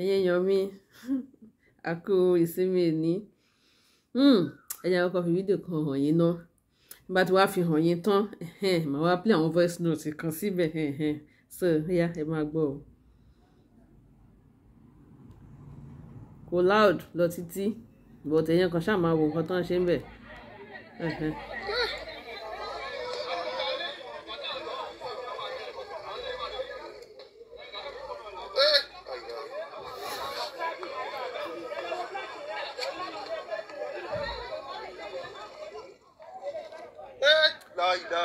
ẹ̀yin èèyàn mi àkó ìsinmi ẹ̀ní hmm, ẹ̀yin àkọ́kọ́ fi fídíò kan hàn yín ná nígbà tí wàá fi hàn yín tán màá wá play àwọn voice note kan síbẹ̀ so ya ẹ máa gbọ́ o. kò loud lọ títí bọ̀tẹ̀yẹn kan ṣáà máa wo nǹkan tó ṣe ń bẹ̀.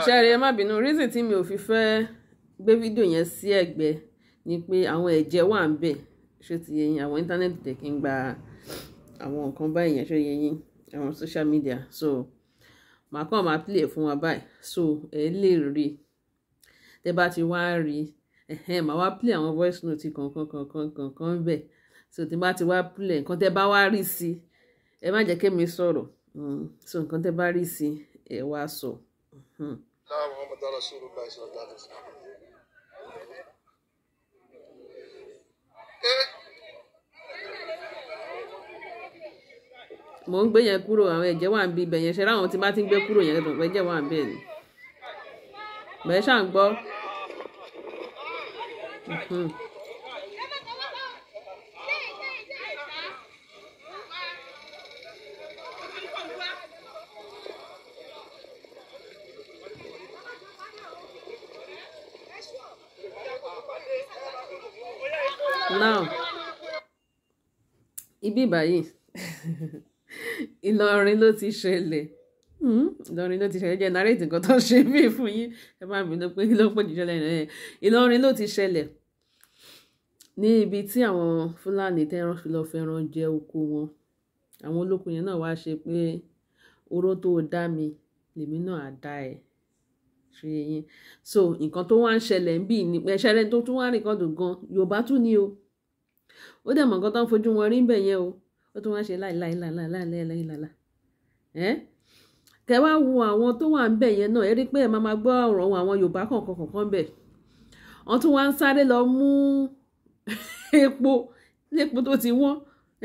ṣẹ́rẹ́ ẹ má bínú reason tí mi ò fi fẹ́ gbé fídíò yẹn sí ẹ̀gbẹ́ ni pé àwọn ẹ̀jẹ̀ wà ń bẹ̀ ṣé ti yé yín àwọn íńtánẹ́ẹ̀tì tẹ̀ kí n gba àwọn nǹkan báyìí yẹn ṣé yé àwọn social media so màá kàn máa play fún wa báyìí so ẹ lè rí tẹ bá ti wá rí ẹhẹn màá wá play àwọn voice note kankan kankan kankan bẹ̀ so tí bá ti wá play nǹkan tẹ bá wá rí sí ẹ má jẹ́ kémi sọ̀rọ̀ mm, so nǹkan tẹ bá rí sí ẹ wá sọ. So náà hmm. muhammadu rasulullah sallallahu alaihi wasallam. Eh. mo ń gbé yẹn kúrò àwọn ẹ̀jẹ̀ wà ń bí ibẹ̀ yẹn ṣe ráwọn tí bá ti ń gbé kúrò yẹn lọ́pọ̀ ẹ̀jẹ̀ wà ń bẹ̀ ni bẹ́ẹ̀ ń gbọ́. mm báyìí Ìlọrin ló ti ṣẹlẹ̀ hmm? Ìlọrin ló ti ṣẹlẹ̀ jẹ́ narrate nǹkan tó ṣe mí fún yín ẹ má bínú pé ló pè jù ṣẹlẹ̀ ẹ̀ Ìlọrin ló ti ṣẹlẹ̀ ní ibi tí àwọn Fúlàní tẹ́ran lọ fẹ́ràn jẹ oko wọn àwọn olóko yẹn náà wá ṣe pé oró tó dá mi lèmi náà á dá ẹ ṣe yẹn so nǹkan tó wá ń ṣẹlẹ̀ ń bì ní ṣẹlẹ̀ tó tún wá rìkọ́dù gan Yorùbá tún ni o ó dẹ̀ mọ̀ nǹkan tó ń fojú wọn rí bẹ̀ yẹn o ó tún wá ṣe láìláìláìláìláìláìláìláìlá ẹ kẹ wá wo àwọn tó wà ń bẹ yẹn náà ẹ rí pé ẹ máa máa gbọ́ àwọn Yorùbá kọ̀ọ̀kan kọ̀ọ̀kan bẹ̀ wọ́n tún wá ń sáré lọ mú epo epo tó ti wọ́n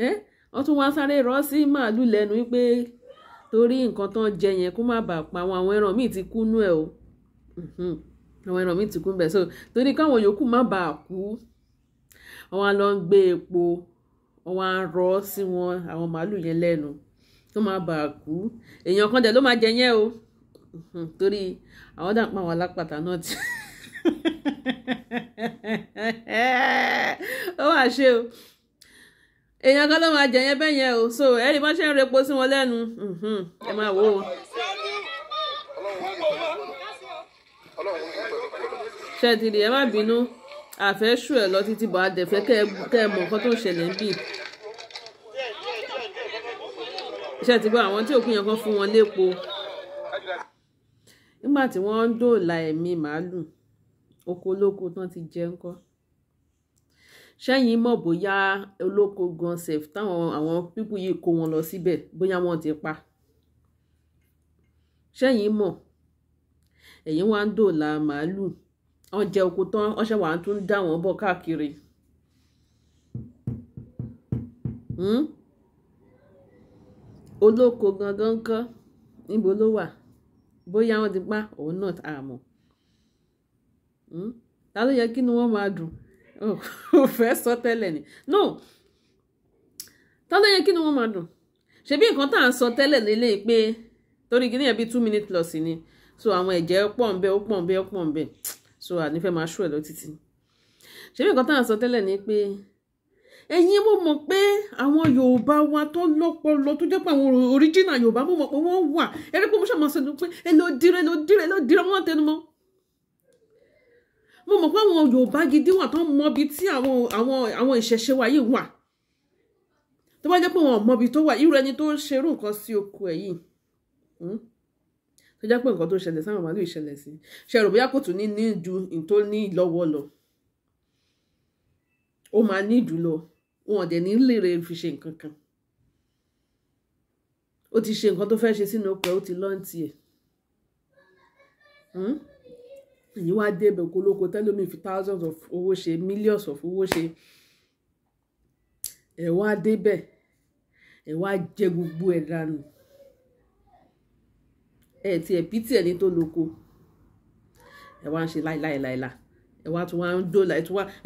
ẹ wọ́n tún wá sáré rọ́ sí màálù lẹ́nu pé torí nǹkan tán jẹ yẹn kó má bàa pa àwọn àwọn ẹran míì ti kú nú ẹ o àwọn ẹran míì ti kú bẹ so torí káwọn yòókù má bàa kú àwọn lọ ń gbé epo wọ́n wá ń rọ́ sí wọn àwọn màálù yẹn lẹ́nu tó máa bà á kú èèyàn kan dẹ̀ ló máa jẹ yẹn o torí àwọn dàpọ̀ àwọn alápàtà náà ti ó wà ṣe o èèyàn kan ló máa jẹ yẹn bẹ́ẹ̀ yẹn o so ẹ̀rí bá ṣe ń repo sí wọn lẹ́nu ẹ máa wò ó. ṣé ti di ẹ má bínú àfẹ́sù ẹ̀ lọ títí bọ̀ adẹ̀fẹ́ kẹ́ ẹ mọ̀ nǹkan tó ń ṣẹlẹ̀ ń bì. iṣẹ́ ti gbọ́ àwọn tí òkú yẹn kan fún wọn lépo. nígbà tí wọ́n ń dòòlà ẹ̀mí màálù oko olóko tán ti jẹ ńkọ́. sẹ́yìn mọ̀ bóyá olóko gan sef táwọn àwọn pípù yìí kó wọn lọ síbẹ̀ bóyá wọ́n ti pa. sẹ́yìn mọ̀ ẹ̀yin wá ń dòòlà màálù wọ́n jẹ oko tán wọ́n ṣe wà á tún dá wọn bọ̀ káàkiri. Hmm? olóko gangan kọ́ níbo ló wà bóyá wọ́n ti pa òun náà tá a mọ̀ hmm? ta ló yẹ kí ni wọ́n máa dùn ò fẹ́ sọ tẹ́lẹ̀ ni no ta ló yẹ kí ni wọ́n máa dùn ṣebí nǹkan tá à ń sọ tẹ́lẹ̀ lélẹ̀ pé torí kí ni yẹn bí two minutes loss ni so àwọn ẹ̀jẹ̀ pọ̀ ń bẹ ó pọ̀ ń bẹ ó pọ̀ ń bẹ so àní fẹ́ máa ṣú ẹ̀ lọ títí ṣé bí nǹkan tá à ń sọ tẹ́lẹ̀ ni pé ẹ̀yin mo mọ̀ pé àwọn yorùbá wa tó lọ́pọlọ tó jẹ́ pé àwọn original yorùbá mo mọ̀ pé wọ́n wà ẹ̀rí pé mo ṣàmọ̀ sọ pé ẹ lọ dire lọ dire lọ dire wọ́n tẹnu mọ́ mo mọ̀ pé àwọn yorùbá gidi wà tó mọbi tí àwọn àwọn àwọn ìṣẹ̀ṣe wa yìí wà tó bá jẹ́ pé wọn ò mọbi tó wà irú ẹni tó ń ṣerú nǹkan sí oko ẹ̀ tó jẹ́ pé nǹkan tó ṣẹlẹ̀ sáwọn màálù ìṣẹ̀lẹ̀ sí ṣe rò bóyá kò tún ní ní ju tó ní lọ́wọ́ lọ ó máa ní jù lọ wọn ò dẹ̀ ní lèrè fi ṣe nǹkan kan ó ti ṣe nǹkan tó fẹ́ ṣe sínú ọkọ̀ ó ti lọ́ǹtì ẹ̀ hmm? èyí wá débẹ̀ kó lóko tẹ́lómi fi thousands of owó ṣe millions of owó ṣe ẹ̀ wá débẹ̀ ẹ̀ wá jẹ gbogbo ẹ̀ dànù ẹ tiẹ̀ pítì ẹni tó lóko ẹ wá ń ṣe láìláìláìlá ẹ wá tún wá ń dòlà ẹ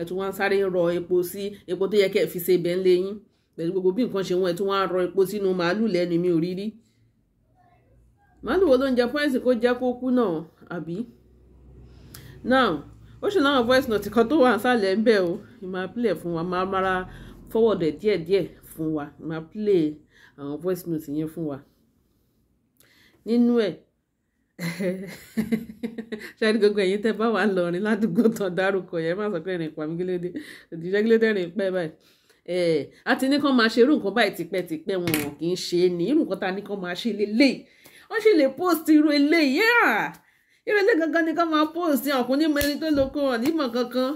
tún wá ń sáré rọ epo sí epo tó yẹ kẹ́ ẹ fi ṣe ibẹ̀ ńlẹ̀ yín pẹ̀lú gbogbo bí nǹkan ṣe wọ́n ẹ tún wá ń rọ epo sínú màálù lẹ́nu mi ò rí rí màálù wo ló ń jẹ pọ́ìntì kó jẹ́ kó kú náà àbí now ó ṣe láwọn voice note kan tó wà sálẹ̀ ń bẹ̀ o ìmọ̀ àpilẹ̀ fún wa máa mara forward ẹ̀ díẹ̀díẹ̀ fún wa ìmọ̀ àpilẹ̀ àwọn voice note yẹn fún wa nínú ẹ̀ ṣáàrí gbogbo ẹ̀yin tẹ́ bá wà ń lọrin ládùúgbò tán dárúkọ yẹn má sọ pé rìn pa mí gílédé òjíṣẹ́ gílédé rìn pẹ́ báyìí a ti ní kán máa ṣe irú nǹkan báyìí tipẹ́tipẹ́ wọn kì í ṣe é ní irú nǹkan tá a ní kán máa ṣe lélẹ́yìí wọ́n sì lè post irú eléyìí irú eléyìí gangan ni kán máa post ọkùnrin mọ ẹni tó lóko ọ̀ nímọ̀ kankan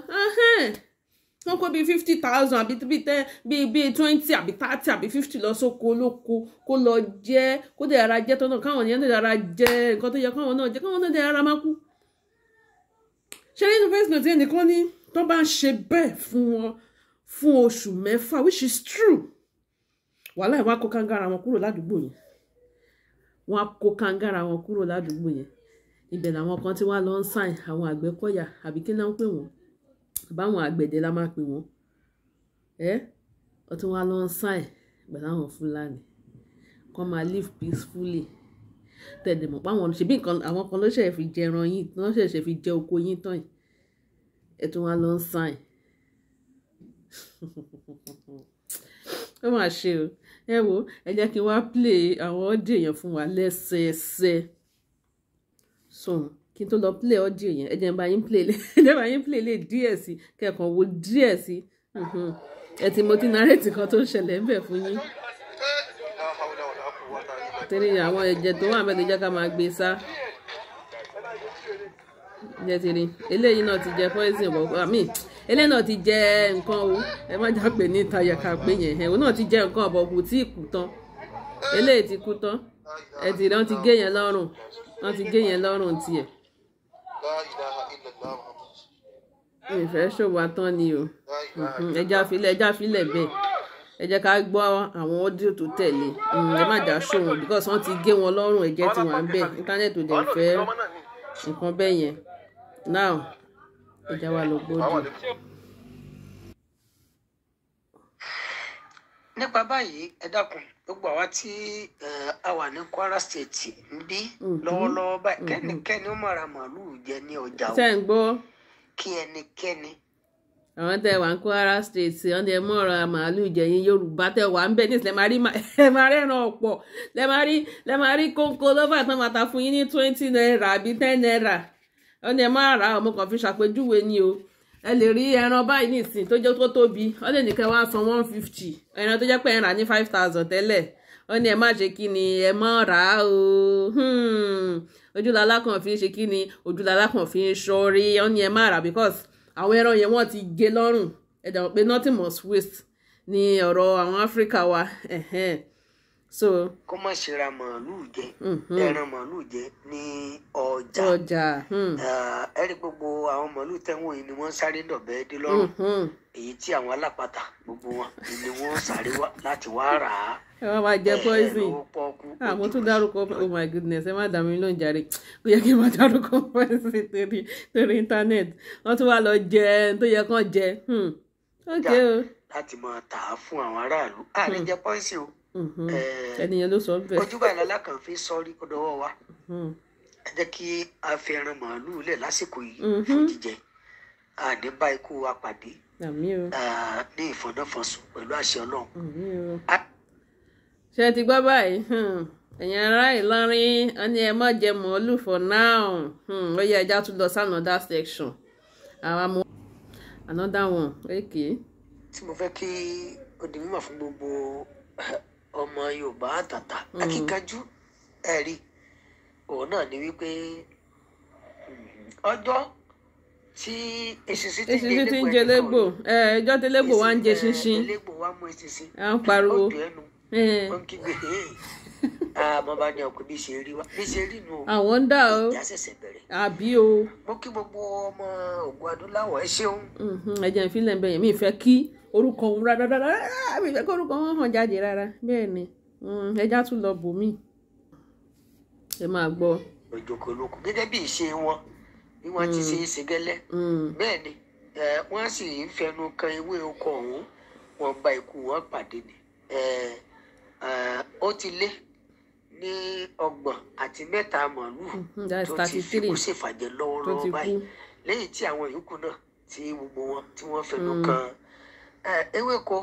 wọ́n kó bíi fifty thousand àbí bíi ten bíi bíi twenty àbí thirty àbí fifty lọ sóko olóko kó lọ jẹ kó dẹ̀ ara jẹ tọ́nà káwọn èèyàn dẹ̀ ara jẹ nǹkan tó yẹ káwọn náà jẹ káwọn náà dẹ̀ ara máa kú. ṣé nínú first note yẹn nìkan ni tó bá ń ṣe bẹ́ẹ̀ fún wọn fún oṣù mẹ́fà which is true wàhálà ìwọ́n á kó kàngàrà wọn kúrò ládùúgbò yẹn wọ́n á kó kàngàrà wọn kúrò ládùúgbò yẹn ibẹ̀ làwọn kan tí wọ́n lọ ń sàn àwọn àgbẹ̀kọ̀yà àbí kí náà ń pè wọ́n báwọn àgbẹ̀dẹ la máa pè wọ́n ẹ́ ọtún wa lọ sáìn pẹ̀lú àwọn fúlàní kọ́ máa live peacefully tẹ̀lé mọ̀ páwọn ṣe bí nǹkan àwọn kan ló ṣẹ̀ fi jẹ ẹran yín ló ṣẹ̀ṣẹ̀ fi jẹ oko yín tán yìí ẹ̀ tún wa lọ sáìn ó mà ṣe o ẹ wo ẹ jẹ́ kí n wá play àwọn ọ́dì èèyàn fún wa lẹ́sẹẹsẹ sọ̀rọ̀ kí n tó lọ play audio yẹn ẹ jẹ́ n bá yín play lé ẹ jẹ́ n bá yín play lé díẹ̀ sí kẹ́kọ̀ọ́ wo díẹ̀ sí mhm. ẹ ti mo ti narrate kan tó ń ṣẹlẹ̀ ń bẹ̀ fún yín. torí àwọn ẹ̀jẹ̀ tó wà ń bẹ̀ tó jẹ́ ká máa gbé sá jẹ́ ti rí eléyìí náà ti jẹ́ poison bọ̀ àmì eléyìí náà ti jẹ́ nǹkan o ẹ má jà pé ní ìtajà ká pé yẹn ẹ̀hún náà ti jẹ́ nǹkan ọ̀bọ̀ kò tí ì tán eléyìí ti kú tán ẹ ti rí wọ́n ti gé yẹn lọ́rùn wọ́n ti gé yẹn lọ́rùn tiẹ̀ ìfẹ́ ṣòwò atán ni o ẹja filẹ̀ ẹja filẹ̀ bẹ́ẹ̀ ẹ jẹ́ ká gbọ́ àwọn ọ́díò tó tẹ̀lé mm, ẹ má dá sóhun because wọ́n ti gé wọn lọ́rùn ẹ̀jẹ̀ tí wọ́n ń bẹ̀ íńtánẹ́ẹ̀tì ò dẹ̀ fẹ́ nǹkan bẹ́ẹ̀ yẹn now ẹ já wa lọ gbọ́dọ̀. nípa báyìí ẹ dákun gbogbo àwa tí a wà ní Kwara State ń bí mm-hmm. lọ́wọ́lọ́wọ́ báyìí mm-hmm. kẹ́nikẹ́ni ó máa màálù jẹ ní ọjà o kí ẹnikẹ́ni. àwọn tẹ wà ní Kwara màálù jẹ yín Yorùbá tẹ wà ń bẹ ní máa ẹ máa fún yín ní naira àbí ten naira wọn tẹ máa ra ọmọ kan fi ṣàpèjúwe ẹ lè rí ẹran báyìí nísìn tó jẹ́ tó tóbi ó lè nìkan wá san one fifty ẹran tó jẹ́ pé ẹran ní five thousand tẹ́lẹ̀ ní ẹ má ṣe kí ni ẹ mọ́ rà á o hmm. ojúlala kan fi ń ṣe kí ni ojúlala kan fi ń ṣọrí ó ní ẹ má rà because àwọn ẹran yẹn wọ́n ti gé lọ́rùn ẹ pé nothing must waste ọ̀rọ̀ àwọn Áfíríkà wa. so kó má ṣe ra màálùú jẹ mhm. ẹran màálùú jẹ ní ọjà ọjà hmm. ẹrí gbogbo àwọn màálùú tẹ́wọ̀n yìí ni wọ́n sáré dọ̀bẹ́ dé lọ́rùn mhm. èyí tí àwọn alápatà gbogbo wọn ni wọ́n sáré láti wá rà á ẹ wá máa jẹ poison àwọn tó dárúkọ oh my goodness ẹ má dà mí lóun jàre ó yẹ kí n má dárúkọ poison torí torí internet wọ́n tún wá lọ jẹ tó yẹ kán jẹ hmm. ok o. láti máa tà á fún àwọn aráàlú àlejò hmm. poison o. Mm-hmm. Eh, ẹnìyẹn ló sọ bẹ́ẹ̀. ojúbà ìlàlá kan fi sọrí ọdọwọ wa mm-hmm. ẹ jẹ́ kí a fi ẹran màálù lẹ̀ lásìkò yìí fún mm-hmm. jíjẹ àdébá ikú wa pàdé ní ìfọ̀nàfọ̀sùn pẹ̀lú àṣẹ Ọlọ́run. ṣé ẹ ti gbọ́ báyìí hmm. ẹ̀yin ará Ìlọrin wọn ni ẹ má jẹ màálù for now hmm. ó yẹ ẹja tún lọ sí another section àwa mú another one okay. tí mo fẹ́ kí ó mímọ̀ fún gbogbo ọmọ Yorùbá àtàtà hmm. akíkanjú ẹ̀rí òun náà ni wípé ọjọ́ tí eṣinṣin ti ń jẹ légbò ẹ ẹjọ́ tí légbò wa ń jẹ ṣinṣin légbò wa mú eṣinṣin à ń pariwo ó ń kígbe àmọ́ ah, bá ní ọkùnrin bí ṣe rí wa bí ṣe rí nu o àwọn ń dà o àbí o. mo kí gbogbo ọmọ ògùn adúláwọ̀ ẹ ṣeun. ẹ jẹ́ ìfilẹ̀ ń bẹ̀yẹ̀ mi fẹ́ kí orúkọ òun rárá rárá mi fẹ́ kó orúkọ wọn hàn jáde rárá bẹ́ẹ̀ ni mm, ẹja tún lọ bò mí ẹ máa gbọ́. òjòkó olókùn gẹ́gẹ́ bí ìṣe wọn bí wọ́n ti mm. ṣe é ṣe gẹ́lẹ́ mm. bẹ́ẹ̀ ni wọ́n sì ń fẹnu kan ewé oko ọ̀hún wọ́n bá ikú wọn pàdé ni ó ti lé ní ọgbọ̀n àti mẹ́ta màálùú tó ti fikú ṣèfàjẹ́ lọ́wọ́lọ́wọ́ báyìí lẹ́yìn tí àwọn yòókù náà tí gbogbo wọ́n fẹnu kan ewéko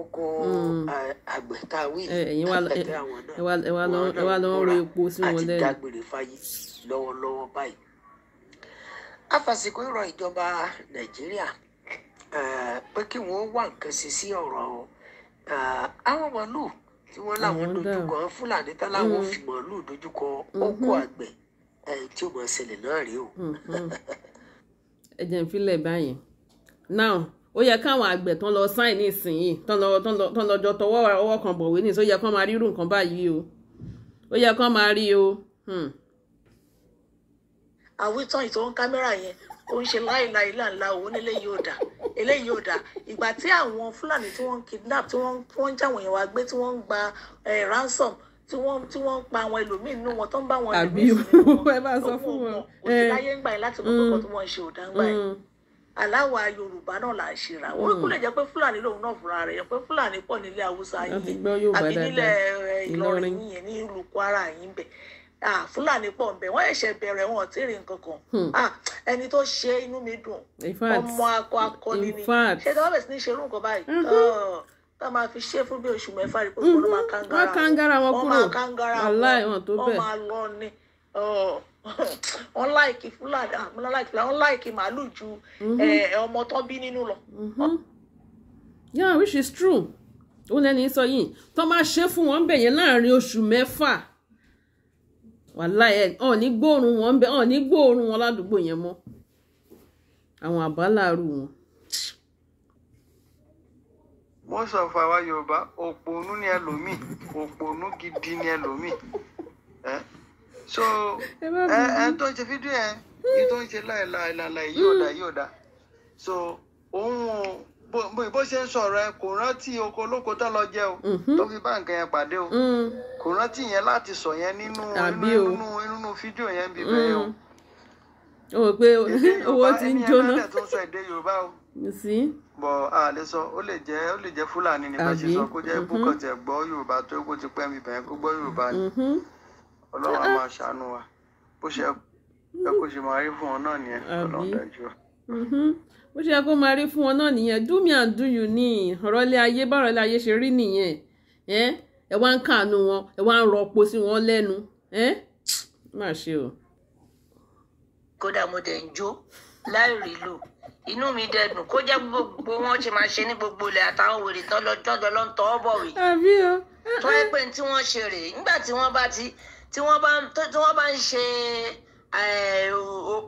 oko hmm. àgbẹ̀ tá a wí tẹ́tẹ́ àwọn náà wọ́n náà múra àti dágbére fáyé lọ́wọ́lọ́wọ́ báyìí. afàsìkò ìrọ̀ ìjọba nàìjíríà pé kí wọ́n wá nǹkan ṣe sí ọ̀rọ̀ àwọn màálù tí wọ́n láwọn dojúkọ fúlàní tá láwọn hmm. fi màálù dojúkọ hmm. oko àgbẹ̀ tí ó mọ̀ ṣẹlẹ̀ náà rèé o. ẹ jẹ́ n filẹ̀ báyìí now ó yẹ káwọn àgbẹ̀ tán lọ sáìn nísìnyí tán lọ tán lọ jọ tọwọ́ ọwọ́ kan bọ̀wé nísìnyí ó yẹ kán máa rírun nǹkan báyìí o ó yẹ kán máa rí o. Hmm. àwítán ìtọ́n kámẹ́rà yẹn ó ń ṣe láìláì láńlá owó níléyìí ò dà eléyìí ò dà ìgbà tí àwọn fúlàní tí wọ́n ń kidnap tí wọ́n ń jáwọ̀n yẹn wá gbé tí wọ́n ń gba ransom tí wọ́n tí wọ́n pa àwọn ẹlòmíín nínú wọn tó ń bá wọn ẹlòmíín sínú wọn òkú wọn òkú láyé ń gbà yín láti mọ pé kò tó wọn ṣe ò dá ń gbà yín. Mm aláwa yorùbá náà là ń ṣera wọn kò lè jẹ́ pé fúlàní lòun náà fúnra rẹ̀ yẹ pé fúlàní pọ̀ nílé haúsá yìí àbí nílẹ̀ eh, ìlọrin yìí ní ìlú kwara yìí bẹ̀ fúlàní pọ̀ ń bẹ̀ wọ́n ẹ̀ṣẹ̀ wọn tí rìn kankan hmm. ẹni tó ṣe inú mi dùn ọmọ akọ akọni ni ṣé tí wọ́n bẹ̀ sí ní ṣerú nǹkan báyìí mm-hmm. tá máa fi ṣe fún bí oṣù mẹ́fà rí pé kó ló máa kángára wọn máa mm-hmm. kángára wọn wọ́n máa lọ ni. wọn láìkì fúlàní àwọn ah, láìkì fúlàní wọn láìkì màálù ju mm-hmm. eh, eh, ọmọ tó bí nínú lọ. Mm-hmm. yeah which is true ó lẹ́ni sọ yìí tó máa ṣe fún wọn bẹ̀ yẹn láàrin oṣù mẹ́fà wàhálà ẹ ọ̀n ní gbóòórùn wọn bẹ ọ̀n ní gbóòórùn wọn ládùúgbò yẹn mọ́ àwọn àbáláàrú wọn. most of our Yorùbá òpònú ni ẹlòmíì òpònú gidi ni ẹlòmíì. Eh? so ẹ tó ń ṣe fídíò ẹ yìí tó ń ṣe láìláìláì yìí ọ̀dà yìí ọ̀dà so òun bó bó ṣe ń sọ̀rọ̀ ẹ kò rántí oko olóko tó lọ jẹ o mhm. tó fi bá yẹn pàdé o mm. kò rántí yẹn láti sọ yẹn nínú nínú nínú fídíò yẹn bíbẹ́ o mm. o rò pé owó ti ń jóná sí. bọ̀ a lè sọ ó lè jẹ́ ó lè jẹ́ fúlàní ni bá ṣe sọ kó jẹ́ bùkọ̀tẹ̀ mm-hmm. gbọ́ yorùbá tó kó ti pẹ́ mi bẹ̀rẹ̀ kó yorùbá ni. Mm-hmm ọlọ́run á ah, ah. máa ṣàánú wa bó ṣe ẹ kó ṣe máa rí fún wọn náà nìyẹn ọlọ́run dájú. Mm-hmm. bó ṣe yẹ kó máa rí fún wọn náà nìyẹn do me and do you ní ọ̀rọ̀ ilé ayé bá ọ̀rọ̀ ilé ayé ṣe rí nìyẹn eh? ẹ wá ń kàánú wọn ẹ wá ń rọpo sí wọn lẹ́nu eh? má ṣe o. kódà mo dẹ̀ ń jó láì rí lò inú mi dẹ̀dùn kó jẹ́ gbogbo wọn ṣe máa ṣe ní gbogbo ilẹ̀ àtàwọn wèrè tán lọ́jọ́ lọ́ntọ́ bọ̀wé. àbí o. tó tí wọ́n ṣe rèé nígbà tí wọ́n bá ti tí wọ́n bá tí wọ́n bá ń ṣe eh,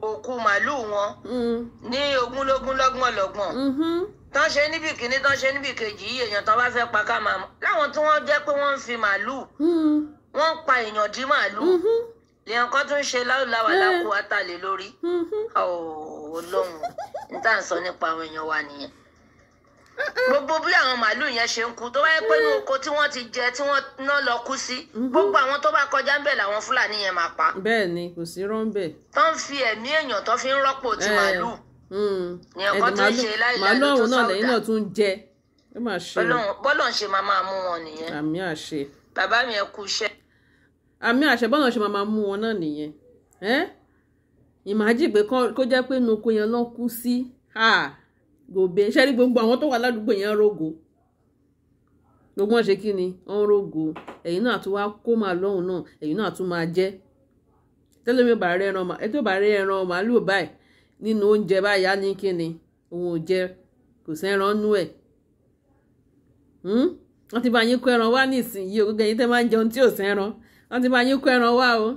òkú màálù wọn mm. ní ogúnlógún lọ́gbọ̀n lọ́gbọ̀n mm-hmm. tán ṣe níbi kíní tán ṣe níbi kejì yìí èèyàn tán bá fẹ́ pa ká máa láwọn tí wọ́n jẹ́ pé wọ́n ń fi màálù mm. wọ́n ń pa èèyàn dín màálù mm-hmm. lèèyàn kan tún ṣe láwùláwà lákòó àtàlè ọ̀ọ́ ọlọ́run níta ń sọ nípa àwọn èèyàn wa nìyẹn gbogbo bí àwọn màálù yẹn ṣe ń kú tó wáyé pé ní oko tí wọ́n ti jẹ tí wọ́n ná lọ kú sí mhm. gbogbo àwọn tó bá kọjá ń bẹ̀ làwọn fúlàní yẹn máa pa. bẹ́ẹ̀ ni kò sí rọ́ńbẹ̀. tó ń fi ẹ̀mí èèyàn tó fi ń rọ́pò ti màálù. Hmm. ẹ̀dùn màálù ọ̀hún náà lẹ́yìn náà tún jẹ ẹ máa ṣe. bọ́lọ̀ ń ṣe máa máa mú wọn nìyẹn. àmì àṣẹ. bàbá mi ẹ kú iṣẹ́. àmì àṣẹ bọ́lọ̀ ṣe máa máa mú wọn náà nìyẹn. ìmájì pé kó jẹ́ pé gòbè ṣe rí gbogbo àwọn tó wà ládùúgbò yẹn rògo gbogbo wọn ṣe kí ni wọn rògo ẹ̀yin náà tún wá kó máa lọ́hùn náà ẹ̀yin náà tún máa jẹ tẹlẹmi ò bá rẹ ẹran ẹ tó bá rẹ ẹran màálù báyìí nínú oúnjẹ báyà ní kí ni òun ò jẹ kò sẹ́ran nú ẹ̀ hmm? wọ́n ti bá yín kó ẹran wá nísìnyí o gẹ́gẹ́ yín tẹ́ máa ń jẹun tí ò sẹ́ran wọ́n ti bá yín kó ẹran wá o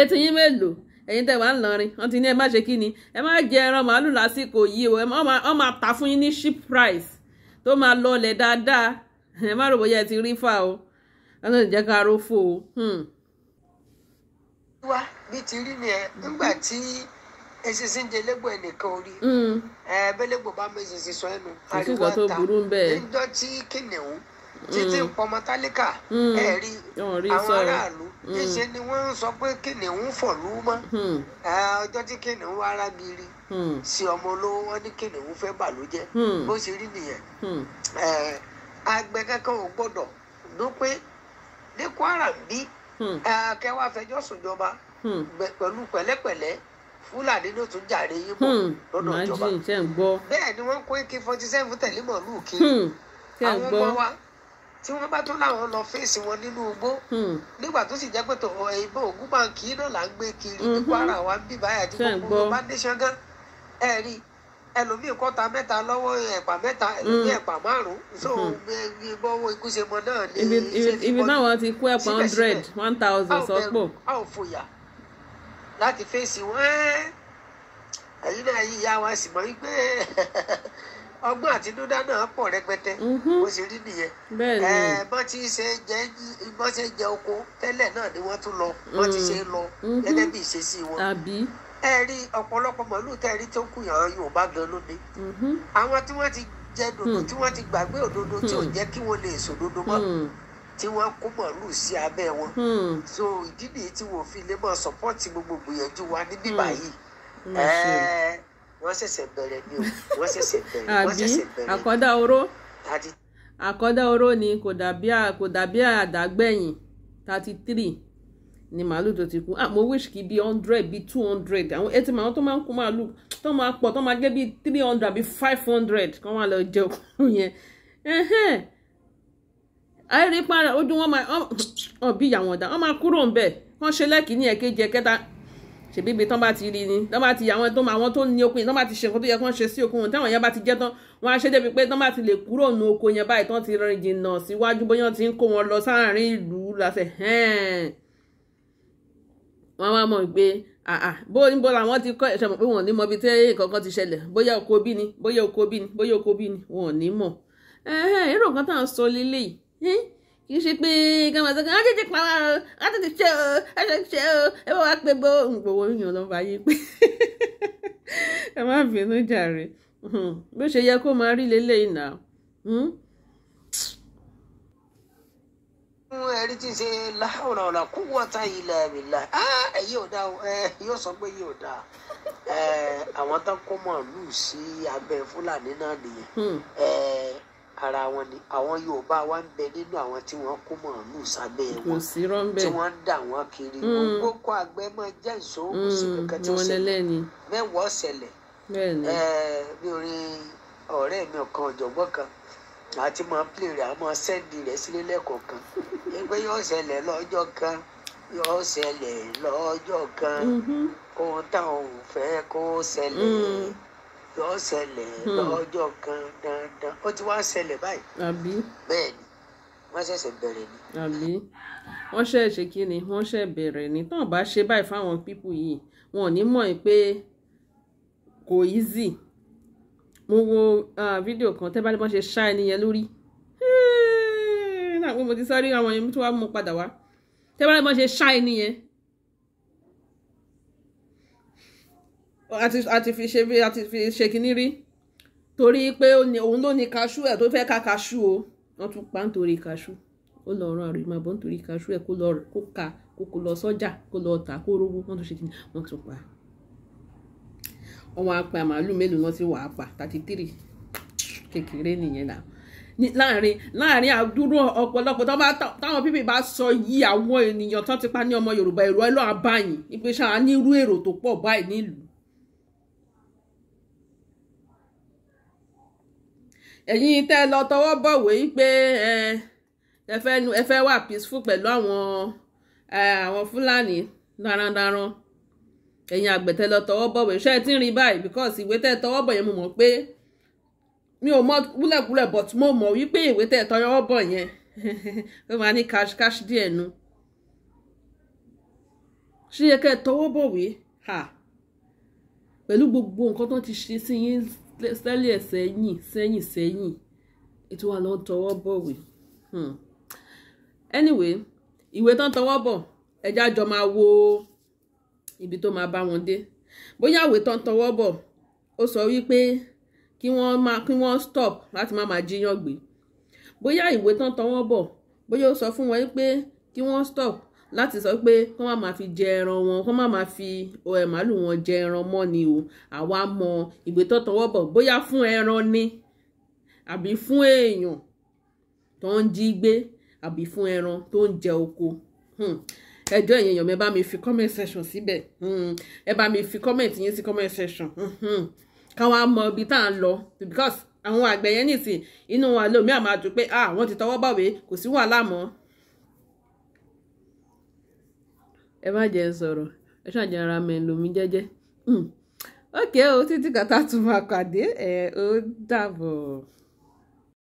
ètò yín mélòó ẹ̀yin tẹ wà ń lọrin wọ́n ti ní ẹ má ṣe kí ni ẹ má jẹ ẹran o ọ máa ta fún yín ní price tó máa lọlẹ̀ dáadáa ẹ má rò bóyá ti rí fà o wọ́n sì jẹ́ ká ọ. o. Hmm. wá bí ti rí ni ẹ nígbà tí jẹ lẹgbọ ẹnìkan orí hmm. ẹ bẹlẹgbọ bá sọ ẹnu tí kìnìún títí ń pọmọ tálíkà ẹ rí àwọn aráàlú mm. níṣẹ ni wọn ń sọ pé kìnìún fọlú mọ mm. ọjọ tí kìnìún wá ara giri mm. sí ọmọ olówó wọn ní kìnìún fẹ́ bà ló jẹ́ bó ṣe rí nìyẹn àgbẹ̀ kankan ò gbọdọ. dúpẹ́ ní Kwara bí kẹwàá fẹjọ́ sùn jọba pẹlẹpẹlẹ. pẹ̀lẹ́pẹ̀lẹ́ fúlàní ló tún jàre yín bọ lọ́dọ̀ ìjọba bẹ́ẹ̀ ni wọn kó ak forty seven tẹ̀lé mọ̀lúù kiri hmm. àwọn ọmọ wa. tí wọ́n bá tún láwọn lọ fèsì wọn nínú igbó hmm. nígbà tó sì jẹ́ pé tòun ìbọn ògùn báńkì náà là ń gbé kiri ní mm-hmm. Kwara wa ń bíbá àti gbogbo ọba nation gan ẹ rí ẹlòmíì kọ́ta mẹ́ta lọ́wọ́ ẹ̀pà mẹ́ta ẹlòmíì mm. ẹ̀pà márùn-ún so ìbọwọ́ mm-hmm. ìkúṣemọ náà ni ṣe fi bọ́ ibi táwọn ti kú ẹ̀pà hundred one thousand sọ́pọ̀. a ò fòyà láti fèsì wọn ẹ̀yin náà yíya wa sì mọ̀ wípé ọgbọ́n àtinúdá náà pọ̀ rẹpẹtẹ mhm. bó ṣe rí nìyẹn bọ́n ti ṣe jẹ bọ́n ṣe jẹ oko tẹ́lẹ̀ náà ni wọ́n tún lọ bọ́n ti ṣe mm. lọ mhm. gẹ́gẹ́ bí ìṣesí wọn ẹ rí ọ̀pọ̀lọpọ̀ màálù tẹ́ rí tó kù yàrá Yorùbá gan ló ní mhm. àwọn tí wọ́n ti jẹ dòdò hmm. tí wọ́n ti gbàgbé òdodo tí ò hmm. jẹ́ kí wọ́n lè sòdodo mọ́ hmm. tí wọ́n kó màálù sí abẹ́ wọn so ìdí nìyí tí wọ́n fi lè máa sọ̀pọ́ọ̀tì gbogbo gbìyànjú wa ní bíbá yìí ẹ̀ẹ́ wọ́n ṣẹ̀ṣẹ̀ bẹ̀rẹ̀ ni o wọ́n ṣẹ̀ṣẹ̀ bẹ̀rẹ̀ wọ́n ṣẹ̀ṣẹ̀ bẹ̀rẹ̀ àbí àkọ́dá oró àkọ́dá oró ni kò dàbí kò dàbí àdágbẹ̀yìn thirty three ni màálù tó ti kú ah mo wish kí bíi hundred bíi two hundred àwọn etí màálù tó máa ń kú màálù tó máa pọ̀ tó máa gé bíi three hundred bíi five hundred kán wà lọ jẹ òkú yẹn àìrí para ojú wọn máa ọ bí ìyàwó ọ̀dà wọn máa kúrò ń bẹ̀ wọ́n ṣe lẹ́kìí ẹ̀kejì ẹ̀kẹta ṣèbí ibi tán bá ti rí ni tán bá ti àwọn tó àwọn tó ní okun yẹn tán bá ti ṣe nǹkan tó yẹ kán ṣe sí okun táwọn yẹn bá ti jẹ́ tán wọ́n á ṣe débi pé tán bá ti lè kúrò nu oko yẹn báyìí tán ti rìn jìnnà síwájú bóyá ti ń kó wọn lọ sáàárín ìlú lásẹ̀ wọ́n wá mọ̀ pé bó ń bọ́ làwọn ti kọ́ ẹ̀ṣẹ̀ mọ̀ pé wọ́n ní mọ̀ ibi tí nǹkan ti ṣẹlẹ̀ bóyá oko bí ni bóyá oko bí ni bóyá oko bí ni wọ́n ní mọ̀ ẹ̀ẹ́n èrò kan tá à ń sọ lélẹ́yìí kì í ṣe pé gàmà sọ pé á tètè para ọ á tètè ṣe ọ á tètè ṣe ọ ẹ bá wá pé bó gbowó yàn lọ́ba yé pé ẹ má bínú jàre hmm, bó ṣe yẹ kó máa rí lélẹ́yìn náà. Hmm? fún ẹrí tí ṣe láhùnà ọ̀nà kú wọ́tá ilẹ̀ ìlà ẹ̀yí ò dá yóò sọ pé yóò dá àwọn tó kó màálù sí abẹ́ fúlàní náà nìyẹn. Hmm ara wọn ni àwọn Yorùbá wa ń bẹ nínú àwọn tí wọ́n kó màálù sábẹ́ wọn tí wọ́n ń dà wọ́n kiri mm. gbogbo kó àgbẹ̀ máa jẹ́ ìṣòro kò sí mm. kankan tí ó ṣẹlẹ̀ mẹ́wàá ọ̀sẹ̀lẹ̀ mi ò rí ọ̀rẹ́ mi ọ̀kan ọ̀jọ̀gbọ́n kan àti máa pè rẹ̀ àmọ́ sẹ́ẹ̀dì rẹ̀ sílé lẹ́kọ̀ọ̀kan ẹgbẹ́ yóò ṣẹlẹ̀ lọ́jọ́ kan yóò ṣẹlẹ̀ lọ́jọ́ kan mm-hmm. ohun táwọn ò fẹ́ kó ṣẹlẹ̀ mm yóò ṣẹlẹ̀ hmm. lọ́jọ́ kan dandan ó ti wá ṣẹlẹ̀ báyìí. àbí. bẹ́ẹ̀ ni wọ́n ṣẹ̀ṣẹ̀ bẹ̀rẹ̀ ni. àbí wọ́n ṣe ṣe kí ni wọ́n ṣe bẹ̀rẹ̀ ni tán bá ṣe báyìí fáwọn pípù yìí wọn ò ní mọ̀ ẹ́ pé kò easy mo wo fídíò kan tẹ́ bá ní wọ́n ṣe ṣá ẹni yẹn lórí náà mo ti sáré àwọn yẹn tó wá mú padà wá tẹ́ bá ní ṣe ṣá ẹni yẹn a ti fi ṣe a ti fi ṣe kínní rí torí pé òun ló ní kaṣú ẹ̀ tó fẹ́ ká kaṣú o wọ́n tún pa nítorí kaṣú ó lọ ran àrùn ìmọ̀bọ̀ nítorí kaṣú ẹ̀ kó lọ kó ka kó lọ sọ́jà kó lọ tà kó rówó wọ́n tún ṣe kínní wọ́n tún pa ọmọ apá màálù mélòó náà ti wà á pa thirty three kékeré nìyẹn náà láàrin láàrin àdúró ọ̀pọ̀lọpọ̀ táwọn pípì bá sọ yí àwọn ènìyàn tán ti pa ní ọmọ Yorùbá èrò ẹ lọ́ọ́ abáyìn ìpèsè àánírú èrò tó pọ̀ báyìí nílùú ẹ̀yin tẹ́ ẹ lọ tọwọ́ bọ̀wé pé ẹ fẹ́ wà peaceful pẹ̀lú àwọn àwọn fúlàní darandaran ẹ̀yin àgbẹ̀tẹ̀ lọ tọwọ́ bọ̀wé ṣé ẹ ti ń rí báyìí because ìwé tẹ́ ẹ tọwọ́ bọ̀ yẹn mo mọ̀ pé mi ò mọ kúlẹ̀kúlẹ̀ but mo mọ̀ wípé ìwé tẹ́ ẹ tọwọ́ bọ̀ yẹn ó máa ní cash cash díẹ̀ nu ṣé yẹ kẹ́ ẹ tọwọ́ bọ̀wé pẹ̀lú gbogbo nǹkan tó ti ṣe sí yín sẹ́lẹ̀ sẹ́yìn sẹ́yìn sẹ́yìn ètò wa ló ń tọwọ́ bọ̀wé hmm. anyway ìwé tán tọwọ́ bọ̀ ẹja jọ máa wo ibi tó máa bá wọn dé bóyá ìwé tán tọwọ́ bọ̀ ó sọ wípé kí wọ́n máa kí wọ́n stop láti má máa jíyàn gbé bóyá ìwé tán tọwọ́ bọ̀ bóyá ó sọ fún wọn pé kí wọ́n stop láti sọ pé kọ́ má máa fi jẹ ẹran wọn kọ́ má máa fi eh, màálù wọn jẹ ẹran mọ́ ni o àwa mọ ìgbé tó tọwọ́ bọ̀ bóyá fún ẹran ni àbí fún èèyàn tó ń jí gbé àbí fún ẹran tó ń jẹ oko hmm. ẹjọ́ ẹ̀yìn èèyàn mi ẹ bá mi fi comment section síbẹ̀ hmm. ẹ bá mi fi comment yín sí comment section hmm. káwa mọ ibi tá à ń lọ because àwọn àgbẹ̀ yẹn nìsín inú wa lómi àmàdùn pé ah wọ́n ti tọwọ́ bọ̀wé kò sí wàhálà mọ́. ebe hmm. a ji ezoro ọcha jara m elumi jeje oke otiti kata tụmakwa dị ee ụda bụ